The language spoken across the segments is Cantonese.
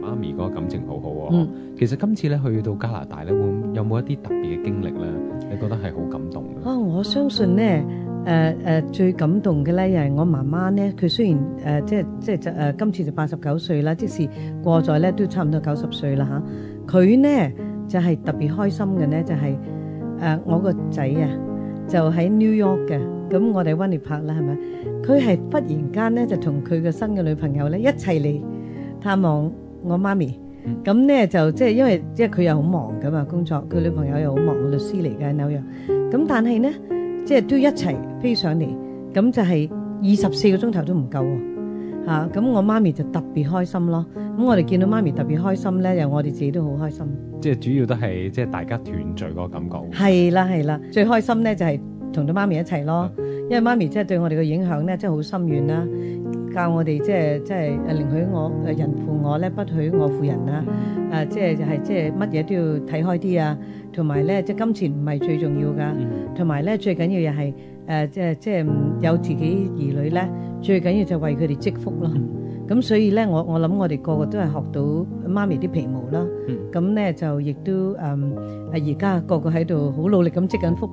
媽咪嗰個感情好好、哦、喎。嗯、其實今次咧去到加拿大咧，會有冇一啲特別嘅經歷咧？你覺得係好感動啊、哦！我相信咧，誒誒、嗯呃呃、最感動嘅咧，又係我媽媽咧。佢雖然誒、呃、即即就誒、呃、今次就八十九歲啦，即使過咗咧都差唔多九十歲啦嚇。佢、啊、咧就係、是、特別開心嘅咧，就係、是、誒、呃、我個仔啊，就喺 New York 嘅咁，我哋溫尼泊啦，係咪？佢係忽然間咧就同佢嘅新嘅女朋友咧一齊嚟探望。我媽咪咁咧、嗯嗯、就即係因為即係佢又好忙噶嘛，工作，佢女朋友又好忙，律師，嚟㗎喺紐約。咁但係咧，即係都一齊飛上嚟，咁就係二十四個鐘頭都唔夠喎、啊。嚇、啊、咁我媽咪就特別開心咯。咁我哋見到媽咪特別開心咧，又我哋自己都好開心。即係主要都係即係大家團聚個感覺。係啦係啦，最開心咧就係同到媽咪一齊咯。嗯、因為媽咪即係對我哋嘅影響咧，即係好深遠啦。教我哋即係即係誒，寧、就是、許我誒人富負我咧，不許我負人啊！誒即係就係即係乜嘢都要睇開啲啊！同埋咧，即、就、係、是、金錢唔係最重要噶，同埋咧最緊要又係誒即係即係有自己兒女咧，最緊要就為佢哋積福咯。咁所以咧，我我諗我哋個個都係學到媽咪啲皮毛啦。咁咧就亦都誒，而家個個喺度好努力咁積緊福。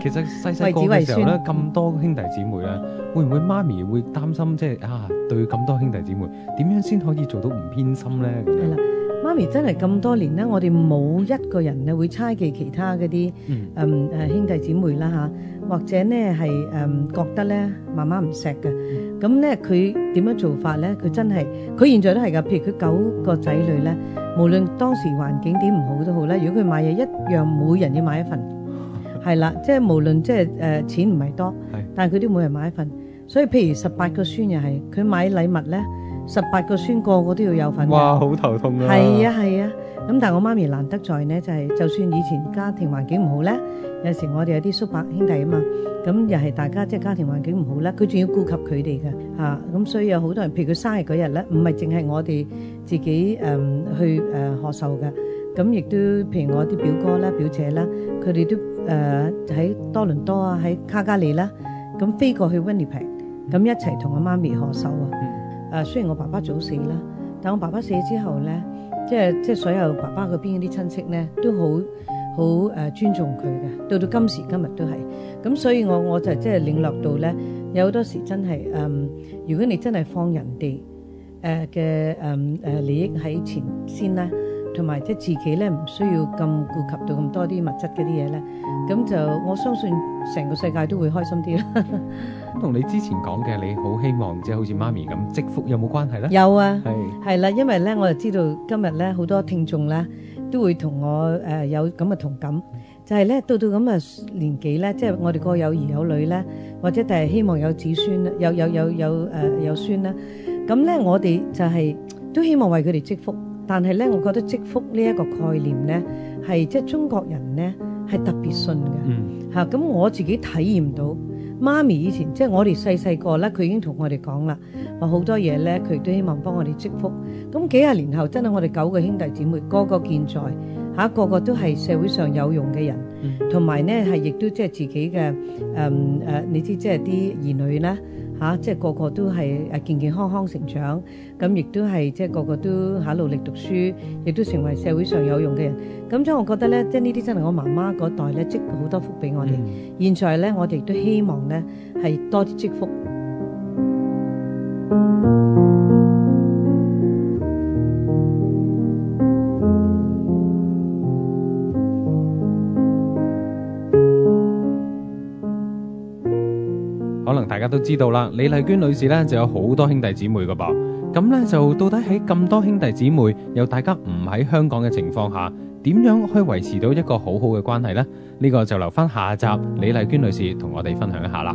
其實細細個嘅時候咧，咁多兄弟姊妹咧，會唔會媽咪會擔心即係啊？對咁多兄弟姊妹，點樣先可以做到唔偏心咧？係啦，媽咪真係咁多年咧，我哋冇一個人咧會猜忌其他嗰啲誒兄弟姊妹啦嚇，或者咧係誒覺得咧媽媽唔錫嘅。咁咧，佢點樣做法咧？佢真係，佢現在都係㗎。譬如佢九個仔女咧，無論當時環境點唔好都好咧，如果佢買嘢，一樣每人要買一份，係啦， 即係無論即係誒錢唔係多， 但係佢都每人買一份。所以譬如十八個孫又係，佢買禮物咧，十八個孫個個都要有份。哇！好頭痛㗎。係啊，係啊。咁但係我媽咪難得在咧，就係就算以前家庭環境唔好咧，有時我哋有啲叔伯兄弟啊嘛，咁又係大家即係家庭環境唔好咧，佢仲要顧及佢哋嘅嚇，咁所以有好多人，譬如佢生日嗰日咧，唔係淨係我哋自己誒去誒賀壽嘅，咁亦都譬如我啲表哥啦、表姐啦，佢哋都誒喺多倫多啊、喺卡加利啦，咁飛過去溫尼佩，咁一齊同我媽咪賀壽啊。誒雖然我爸爸早死啦，但我爸爸死咗之後咧。即係即係所有爸爸嗰邊啲親戚咧，都好好誒尊重佢嘅，到到今時今日都係。咁、嗯、所以我，我我就即係領略到咧，有好多時真係誒、呃，如果你真係放人哋誒嘅誒誒利益喺前先咧，同埋即係自己咧唔需要咁顧及到咁多啲物質嗰啲嘢咧。咁就我相信成個世界都會開心啲啦。同你之前講嘅，你好希望即係好似媽咪咁積福有冇關係咧？有啊，係係啦，因為咧我就知道今日咧好多聽眾咧都會同我誒有咁嘅同感，就係咧到到咁嘅年紀咧，即係我哋個有兒有女咧，或者就係希望有子孫，有有有有誒有孫啦。咁咧我哋就係都希望為佢哋積福，但係咧我覺得積福呢一個概念咧係即係中國人咧。係特別信嘅嚇，咁、嗯啊、我自己體驗到，媽咪以前即係我哋細細個咧，佢已經同我哋講啦，話好多嘢咧，佢都希望幫我哋積福。咁、嗯、幾廿年後，真係我哋九個兄弟姊妹，個個健在嚇、啊，個個都係社會上有用嘅人，同埋咧係亦都即係自己嘅誒誒，你知即係啲兒女啦。嚇、啊！即係個個都係誒健健康康成長，咁、嗯、亦都係即係個個都喺努力讀書，亦都成為社會上有用嘅人。咁所以我覺得咧，即係呢啲真係我媽媽嗰代咧，積好多福俾我哋。現在咧，我哋都希望咧係多啲積福。都知道啦，李麗娟女士呢就有好多兄弟姊妹噶噃，咁呢，就到底喺咁多兄弟姊妹又大家唔喺香港嘅情況下，點樣可以維持到一個好好嘅關係呢？呢個就留翻下集李麗娟女士同我哋分享一下啦。